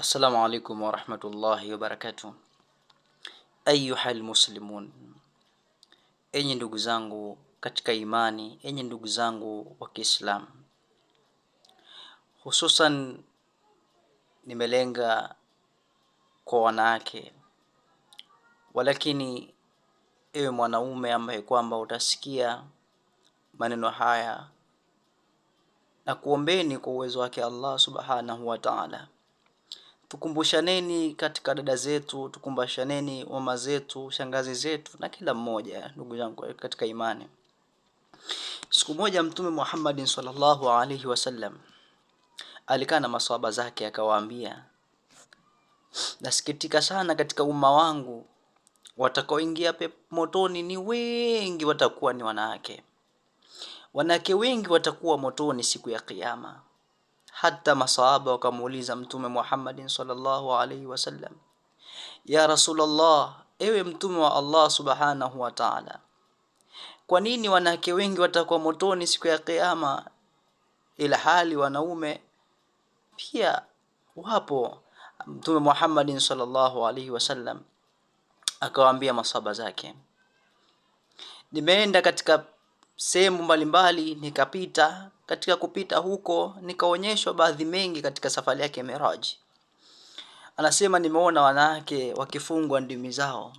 Assalamu alaikum warahmatullahi wabarakatuh. Ayuha almuslimun, enyi ndugu zangu katika imani, enyi ndugu zangu wa Kiislamu, hususan nimelenga kwa wanawake, walakini ewe mwanaume ambaye kwamba utasikia maneno haya, na kuombeni kwa uwezo wake Allah subhanahu wa ta'ala tukumbushaneni katika dada zetu, tukumbushaneni mama zetu, shangazi zetu na kila mmoja, ndugu zangu katika imani. Siku moja Mtume Muhammad sallallahu alaihi wasallam alikaa na maswaba zake akawaambia, nasikitika sana katika umma wangu, watakaoingia motoni ni wengi, watakuwa ni wanawake. Wanawake wengi watakuwa motoni siku ya Kiyama hata masahaba wakamuuliza mtume Muhammadin sallallahu alaihi wasallam ya Rasulullah ewe mtume wa Allah subhanahu wa ta'ala kwa nini wanawake wengi watakuwa motoni siku ya kiyama ila hali wanaume pia wapo mtume Muhammadin sallallahu alaihi wasallam akawaambia masaba zake nimeenda katika sehemu mbalimbali, nikapita. Katika kupita huko nikaonyeshwa baadhi mengi katika safari yake Miraji. Anasema nimeona wanawake wakifungwa ndimi zao,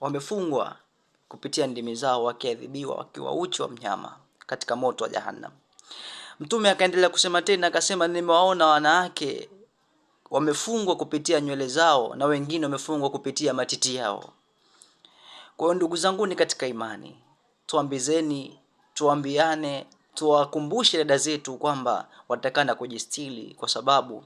wamefungwa kupitia ndimi zao, wakiadhibiwa, wakiwa uchi wa mnyama katika moto wa Jahannam. Mtume akaendelea kusema tena, akasema nimewaona wanawake wamefungwa kupitia nywele zao na wengine wamefungwa kupitia matiti yao. Kwa hiyo ndugu zangu, ni katika imani, tuambizeni tuambiane, tuwakumbushe dada zetu kwamba watakana kujistili, kwa sababu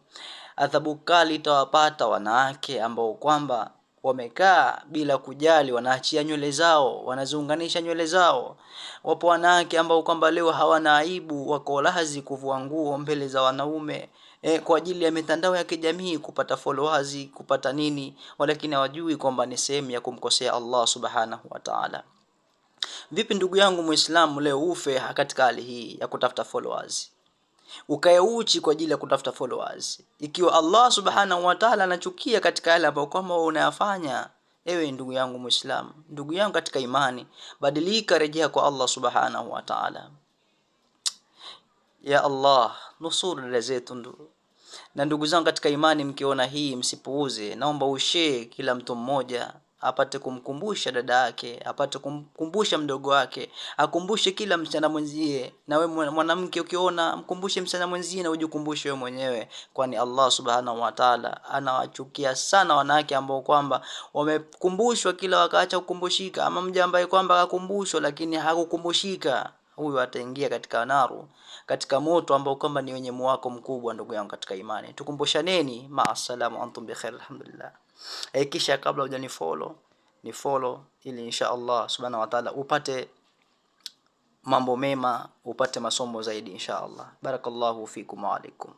adhabu kali itawapata wanawake ambao kwamba wamekaa bila kujali, wanaachia nywele zao, wanaziunganisha nywele zao. Wapo wanawake ambao kwamba leo hawana aibu, wako lazi kuvua nguo mbele za wanaume e, kwa ajili ya mitandao ya kijamii kupata followers, kupata nini, walakini hawajui kwamba ni sehemu ya kumkosea Allah subhanahu wa ta'ala. Vipi ndugu yangu Muislamu, leo ufe katika hali hii ya kutafuta followers, ukae uchi kwa ajili ya kutafuta followers, ikiwa Allah subhanahu wa ta'ala anachukia katika yale ambayo kwamba unayafanya. Ewe ndugu yangu Muislamu, ndugu yangu katika imani, badilika, rejea kwa Allah subhanahu wa ta'ala. Ya Allah, nusuru dada zetu na ndugu zangu katika imani, mkiona hii msipuuze, naomba ushee kila mtu mmoja apate kumkumbusha dada yake, apate kumkumbusha mdogo wake, akumbushe kila msichana mwenzie. Na we mwanamke ukiona, mkumbushe msichana mwenzie na ujikumbushe wewe mwenyewe, kwani Allah subhanahu wa ta'ala anawachukia sana wanawake ambao kwamba wamekumbushwa kila wakaacha kukumbushika, ama mja ambaye kwamba akakumbushwa lakini hakukumbushika huyu ataingia katika naru, katika moto ambao kwamba ni wenye mwako mkubwa. Ndugu yangu katika imani, tukumbushaneni. Maasalamu, antum bikhair, alhamdulillah. e kisha kabla uja nifolo nifolo ili insha allah subhanahu wataala upate mambo mema upate masomo zaidi insha allah barakallahu fikum waalaikum